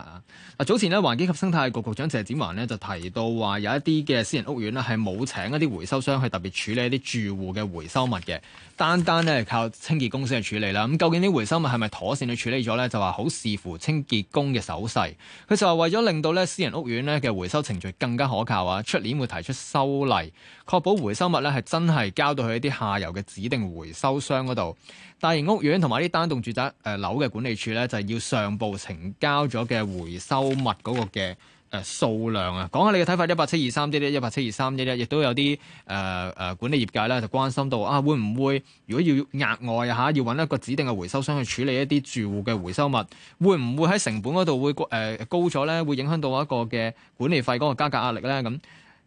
啊！嗱，早前咧，環境及生態局局長謝展寰呢就提到話，有一啲嘅私人屋苑呢係冇請一啲回收商去特別處理一啲住戶嘅回收物嘅，單單呢係靠清潔公司去處理啦。咁究竟啲回收物係咪妥善去處理咗呢？就話好視乎清潔工嘅手勢。佢就話為咗令到呢私人屋苑呢嘅回收程序更加可靠啊，出年會提出修例，確保回收物呢係真係交到去一啲下游嘅指定回收商嗰度。大型屋苑同埋啲單棟住宅誒樓嘅管理處呢，就係要上報呈交咗嘅。回收物嗰個嘅誒數量啊，講下你嘅睇法。一八七二三一一，一八七二三一一，亦都有啲誒誒管理業界咧就關心到啊，會唔會如果要額外啊吓，要搵一個指定嘅回收商去處理一啲住戶嘅回收物，會唔會喺成本嗰度會誒、呃、高咗咧？會影響到一個嘅管理費嗰個加價壓力咧？咁誒、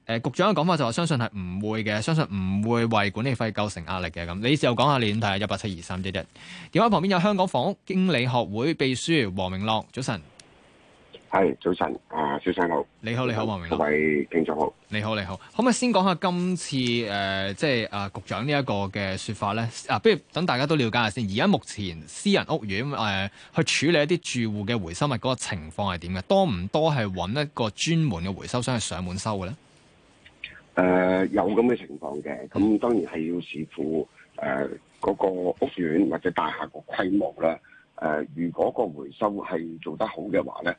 呃，局長嘅講法就話相信係唔會嘅，相信唔會，會為管理費構成壓力嘅。咁你又講下你點睇下一八七二三一一電話旁邊有香港房屋經理學會秘書王榮樂，早晨。係早晨，啊，小生好。你好，你好，王榮樂。各位警長好。好，你好，你好。可唔可以先講下今次誒、呃，即係啊、呃、局長呢一個嘅說法咧？啊，不如等大家都了解下先。而家目前私人屋苑誒、呃，去處理一啲住戶嘅回收物嗰個情況係點嘅？多唔多係搵一個專門嘅回收商去上門收嘅咧？誒、呃，有咁嘅情況嘅。咁當然係要視乎誒，嗰、呃嗰個屋苑或者大廈個規模啦。誒、呃，如果個回收係做得好嘅話咧。嗯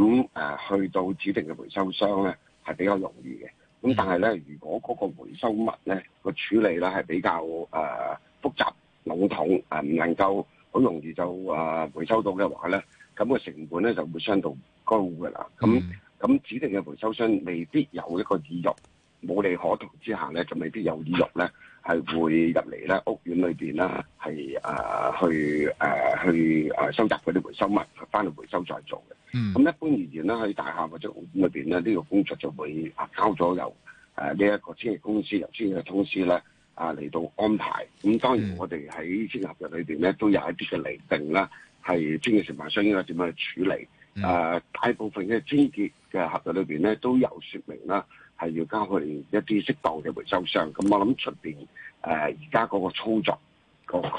咁誒去到指定嘅回收箱咧，係比較容易嘅。咁但係咧，如果嗰個回收物咧個處理咧係比較誒、呃、複雜、籠統，唔能夠好容易就誒、呃、回收到嘅話咧，咁、個成本咧就會相對高㗎啦。咁咁、嗯、指定嘅回收商未必有一個意欲，冇利可圖之下咧，就未必有意欲咧係會入嚟咧屋苑裏面啦，係、呃、去誒、呃、去收集佢哋回收物翻嚟回，回收再做嘅。咁、嗯、一般而言咧，喺大廈或者屋苑裏邊咧，呢、這個工作就會交咗由誒呢一個清潔公司、由清潔公司咧啊嚟到，安排。咁、嗯、當然我哋喺清潔合約裏邊咧，都有一啲嘅厘定啦，係清潔承辦商應該點樣去處理。誒、嗯呃、大部分嘅清潔嘅合約裏邊咧，都有說明啦，係要交去一啲適當嘅回收商。咁我諗出邊誒而家嗰個操作，個概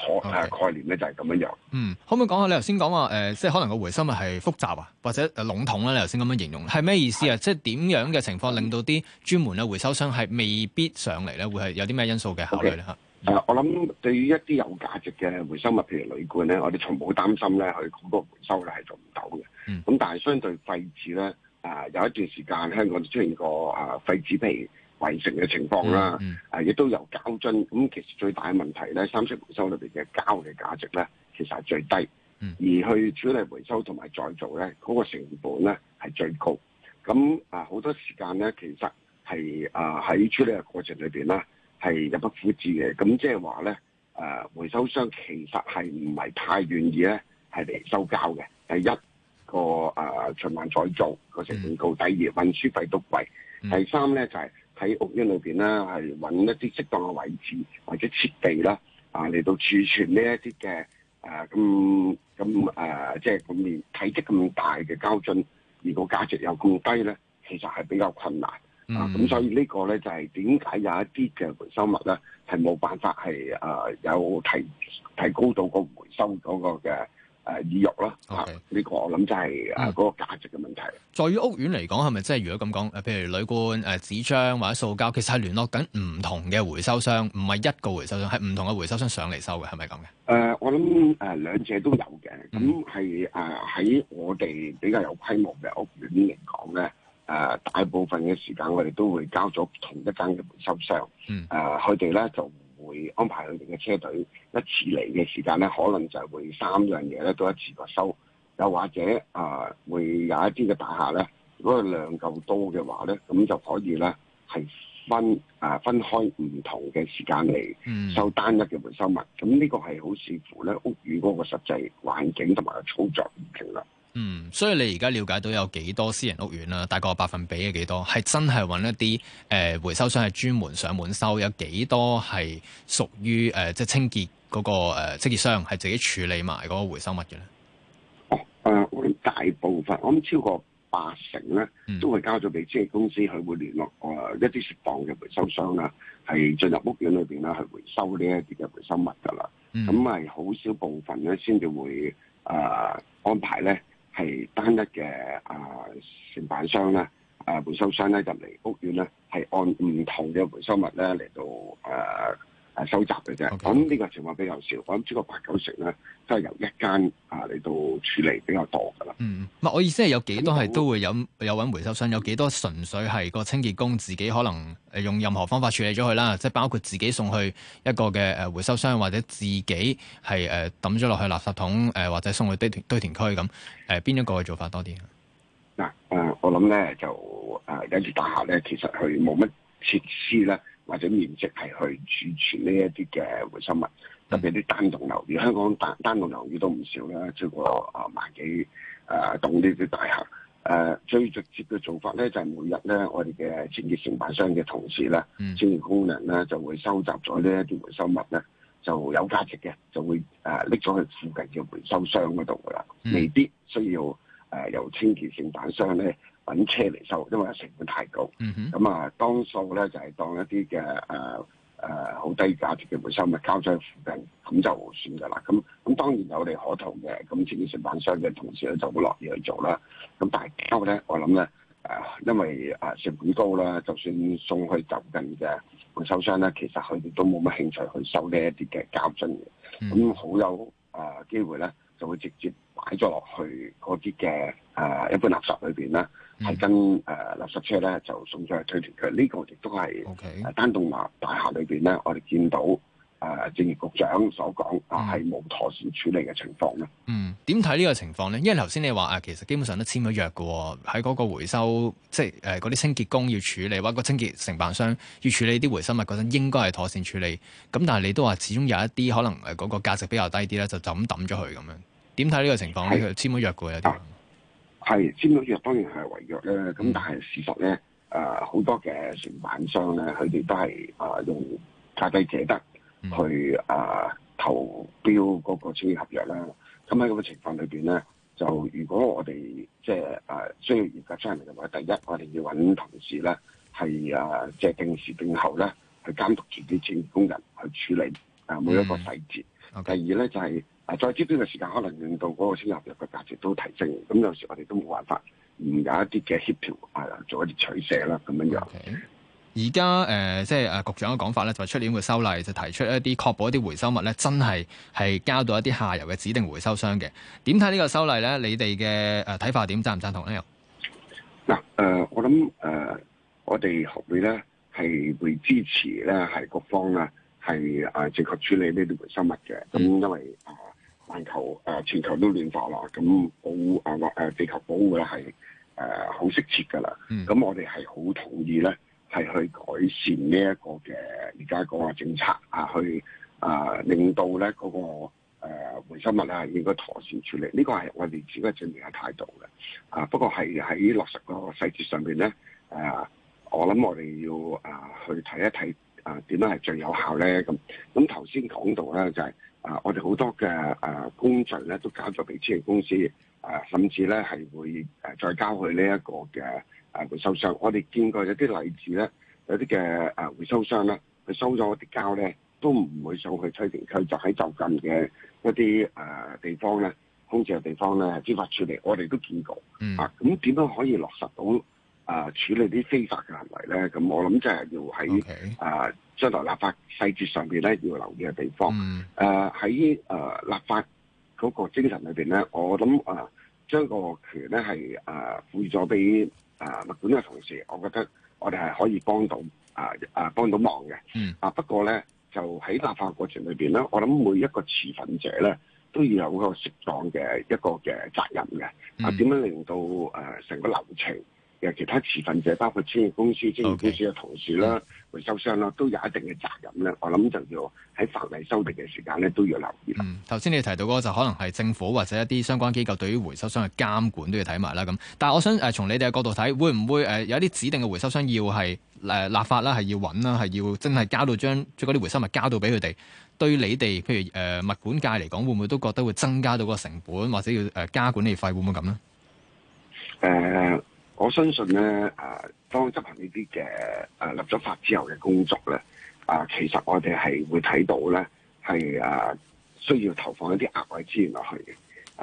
誒概念咧就係咁樣樣。Okay. 嗯，可唔可以講下你頭先講話誒，即係可能個回收物係複雜啊，或者籠統咧？你頭先咁樣形容，係咩意思啊？是即係點樣嘅情況令到啲專門嘅回收商係未必上嚟咧？會係有啲咩因素嘅考慮咧？吓 Okay.、嗯呃，我諗對於一啲有價值嘅回收物，譬如鋁罐咧，我哋從冇擔心咧，佢個回收咧係做唔到嘅。咁、嗯、但係相對廢紙咧，啊、呃，有一段時間香港出現個啊廢紙譬如……圍城嘅情況啦，mm hmm. 啊，亦都有膠樽咁，其實最大嘅問題咧，三色回收裏邊嘅膠嘅價值咧，其實係最低，mm hmm. 而去處理回收同埋再造咧，嗰、嗰個成本咧係最高。咁啊，好多時間咧，其實係啊喺處理嘅過程裏邊咧，係入不敷支嘅。咁即係話咧，誒、啊，回收商其實係唔係太願意咧，係嚟收膠嘅。第一個啊，循環再造，個成本高，第二運輸費都貴，mm hmm. 第三咧就係、係。喺屋苑裏邊啦，係揾一啲適當嘅位置或者設備啦，啊嚟到儲存呢一啲嘅，誒咁咁誒，即係咁樣，樣、呃即係、樣體積咁大嘅膠樽，如果價值又咁低咧，其實係比較困難。Mm. 啊，咁所以呢個呢個咧就係點解有一啲嘅回收物咧係冇辦法係誒、呃、有提提高到個回收嗰個嘅。誒意欲咯，呢 Okay 個我諗真係誒嗰個價值嘅問題。嗯、在於屋苑嚟講，係咪真係如果咁講誒？譬如鋁罐誒、紙張或者塑膠，其實係聯絡緊唔同嘅回收商，唔係一個回收商，係唔同嘅回收商上嚟收嘅，係咪咁嘅？誒、呃，我諗誒兩者都有嘅。咁係誒喺我哋比較有規模嘅屋苑嚟講咧，誒、呃、大部分嘅時間我哋都會交咗同一間嘅回收商。嗯。誒、呃，佢哋咧就。會安排佢哋嘅車隊一次嚟嘅時間咧，可能就係會三樣嘢咧都一次過收，又或者啊、呃、會有一啲嘅大廈咧，如果量夠多嘅話咧，咁就可以咧係分啊分開唔同嘅時間嚟收單一嘅回收物，咁呢、嗯、個係好視乎咧屋宇嗰個實際環境同埋操作情況啦。嗯，所以你而家了解到有幾多私人屋苑啦，大概有百分比係幾多？係真係揾一啲誒、呃、回收商係專門上門收，有幾多係屬於誒即係清潔嗰、那個誒職業商係自己處理埋嗰個回收物嘅咧？哦，誒、呃，大部分，我諗超過八成咧，都會交咗俾清潔公司，佢會聯絡誒、呃、一啲適當嘅回收商啦，係進入屋苑裏邊啦，去回收呢一啲嘅回收物噶啦。咁係好少部分咧，先至會誒、呃、安排咧。係單一嘅啊，承辦商咧，啊回收商咧，入嚟屋苑咧，係按唔同嘅回收物咧嚟到誒。啊誒、啊，收集嘅啫，咁呢 Okay. 個情況比較少。我諗超過八九成咧，都係由一間啊嚟到處理比較多噶啦。嗯，唔係，我意思係有幾多係都會有後有搵回收商，有幾多純粹係個清潔工自己可能誒用任何方法處理咗佢啦，即係包括自己送去一個嘅誒回收箱，或者自己係誒抌咗落去垃圾桶誒、呃，或者送去堆堆填區咁。誒，邊、呃、一個嘅做法多啲？嗱，誒，我諗咧就誒有啲大廈咧，其實佢冇乜設施啦。或者面積係去儲存呢一啲嘅回收物，特別啲單棟樓宇，香港單單棟樓宇都唔少啦，超過啊萬幾啊棟呢啲大廈。誒、呃、最直接嘅做法咧，就係、是、每日咧，我哋嘅清潔承辦商嘅同事啦，嗯、清潔工人啦，就會收集咗呢一啲回收物咧，就有價值嘅，就會誒拎咗去附近嘅回收箱嗰度噶啦，嗯、未必需要誒、呃、由清潔承辦商咧。揾車嚟收，因為成本太高。咁啊、mm hmm.，當數咧就係、是、當一啲嘅誒誒好低價值嘅回收物交咗去附近，咁就算噶啦。咁咁當然有利可圖嘅，咁自己承辦商嘅同事咧就會樂意去做啦。咁但係交咧，我諗咧誒，因為誒成本高啦，就算送去就近嘅回收商咧，其實佢哋都冇乜興趣去收呢一啲嘅膠樽嘅。咁好、mm hmm. 有誒、啊、機會咧，就會直接。擺咗落去嗰啲嘅誒一般垃圾裏邊啦，係、嗯、跟誒、呃、垃圾車咧就送咗去堆填區。呢、這個亦都係單幢大廈裏邊咧，嗯、我哋見到誒、呃、政業局長正如局長所講係冇妥善處理嘅情況咧。嗯，點睇呢個情況咧？因為頭先你話誒、啊，其實基本上都簽咗約嘅喎，喺嗰個回收即係誒嗰啲清潔工要處理，或者個清潔承辦商要處理啲回收物嗰陣，那應該係妥善處理。咁但係你都話，始終有一啲可能誒嗰個價值比較低啲咧，就就咁抌咗佢咁樣。點睇呢個情況咧？簽唔到約嘅有啲，係簽咗約，當然係違約咧。咁但係事實咧，誒、嗯，好、呃、多嘅承辦商咧，佢哋都係、呃、用太低借得去、呃、投標嗰個簽合約啦。咁喺咁嘅情況裏邊咧，就如果我哋即係誒需要嚴格出人嚟嘅話，呃、1，第一我哋要揾同事咧係誒即係定時定候咧去監督住啲整工人去處理啊每一個細節。嗯 okay. 第二咧就係、是。啊！再之端嘅時間，可能令到嗰個先入入嘅價值都提升。咁有時我哋都冇辦法，而有一啲嘅協調，係、啊、做一啲取捨啦，咁樣樣。而家誒，即係誒局長嘅講法咧，就係、是、出年會修例就提出一啲確保一啲回收物咧，真係係交到一啲下游嘅指定回收商嘅。點睇呢個修例咧？你哋嘅誒睇法點？贊唔贊同咧？嗱誒、呃，我諗誒、呃，我哋學會咧係會支持咧，係各方啊係誒正確處理呢啲回收物嘅。咁、嗯、因為、呃全球全球都暖化啦，咁保地球保護嘅係誒好適切噶啦。咁、嗯、我哋係好同意咧，係去改善呢一個嘅而家嗰個政策啊，去啊令到咧嗰、那個回收、呃、物啊應該妥善處理。呢、這個係我哋自己正面嘅態度嘅。啊，不過係喺落實個細節上邊咧、啊，我諗我哋要誒、啊、去睇一睇誒點樣係最有效咧。咁咁頭先講到咧就係、是。啊！我哋好多嘅誒工程咧，都交咗俾私人公司。誒、啊，甚至咧係會誒再交去呢一個嘅誒回收商。我哋見過有啲例子咧，有啲嘅誒回收商呢，咧，佢收咗啲膠咧，都唔會送去吹停區，就喺就近嘅一啲誒、啊、地方咧，空置嘅地方咧，專發處理。我哋都見過。嗯。啊，咁點樣可以落實到？啊！處理啲非法嘅行為咧，咁我諗就係要喺 Okay. 啊將來立法細節上邊咧，要留意嘅地方。誒喺誒立法嗰個精神裏邊咧，我諗啊將個權咧係誒賦咗俾誒物管嘅同事，我覺得我哋係可以幫到啊啊幫到忙嘅。嗯、啊不過咧，就喺立法過程裏邊咧，我諗每一個持份者咧都要有個適當嘅一個嘅責任嘅。嗯、啊點樣令到誒成、呃、個流程？其他持份者，包括專業公司、專業公司嘅同事啦、Okay. 回收商啦，都有一定嘅責任咧。我諗就要喺法例修訂嘅時間咧，都要留意。嗯，頭先你提到嗰個就可能係政府或者一啲相關機構對於回收商嘅監管都要睇埋啦。咁，但係我想誒，從、呃、你哋嘅角度睇，會唔會誒、呃、有一啲指定嘅回收商要係誒、呃、立法啦，係要揾啦，係要真係交到將將嗰啲回收物交到俾佢哋？對你哋，譬如誒、呃、物管界嚟講，會唔會都覺得會增加到個成本，或者要誒加管理費，會唔會咁呢？誒、呃。我相信咧，誒、啊、當執行呢啲嘅誒立咗法之後嘅工作咧，啊，其實我哋係會睇到咧，係啊需要投放一啲額外資源落去嘅，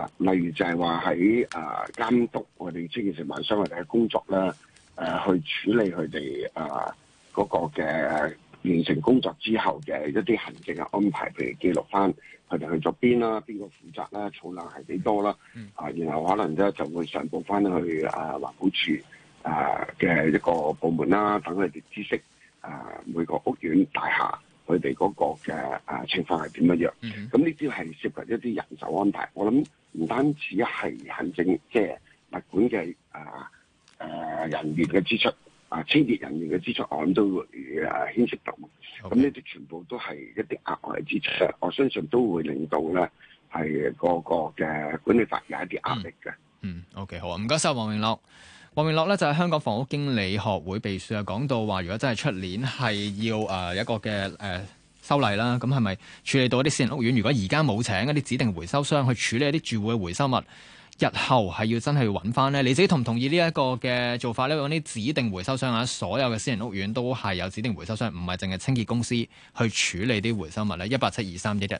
啊，例如就係話喺誒監督我哋清潔承辦商我哋嘅工作啦，誒、啊、去處理佢哋誒嗰個嘅完成工作之後嘅一啲行政嘅安排，譬如記錄翻佢哋去咗邊啦，邊個負責啦，儲量係幾多啦，嗯、啊，然後可能咧就會上報翻去啊環保署啊嘅一個部門啦，等佢哋知悉啊每個屋苑大廈佢哋嗰個嘅啊情況係點一樣，咁呢啲係涉及一啲人手安排，我諗唔單止係行政，即係物管嘅啊，啊人員嘅支出。啊，清潔人員嘅支出我諗都會誒牽涉到，咁呢啲全部都係一啲額外支出，我相信都會令到咧係個個嘅管理層有一啲壓力嘅、嗯。嗯，OK，好啊，唔該晒。王榮樂，王榮樂咧就係香港房屋經理學會秘書啊，講到話如果真係出年係要誒一個嘅誒、呃、修例啦，咁係咪處理到一啲私人屋苑？如果而家冇請一啲指定回收商去處理一啲住戶嘅回收物？日後係要真係揾翻呢？你自己同唔同意呢一個嘅做法呢？揾啲指定回收商啊，所有嘅私人屋苑都係有指定回收商，唔係淨係清潔公司去處理啲回收物呢，一八七二三一一一。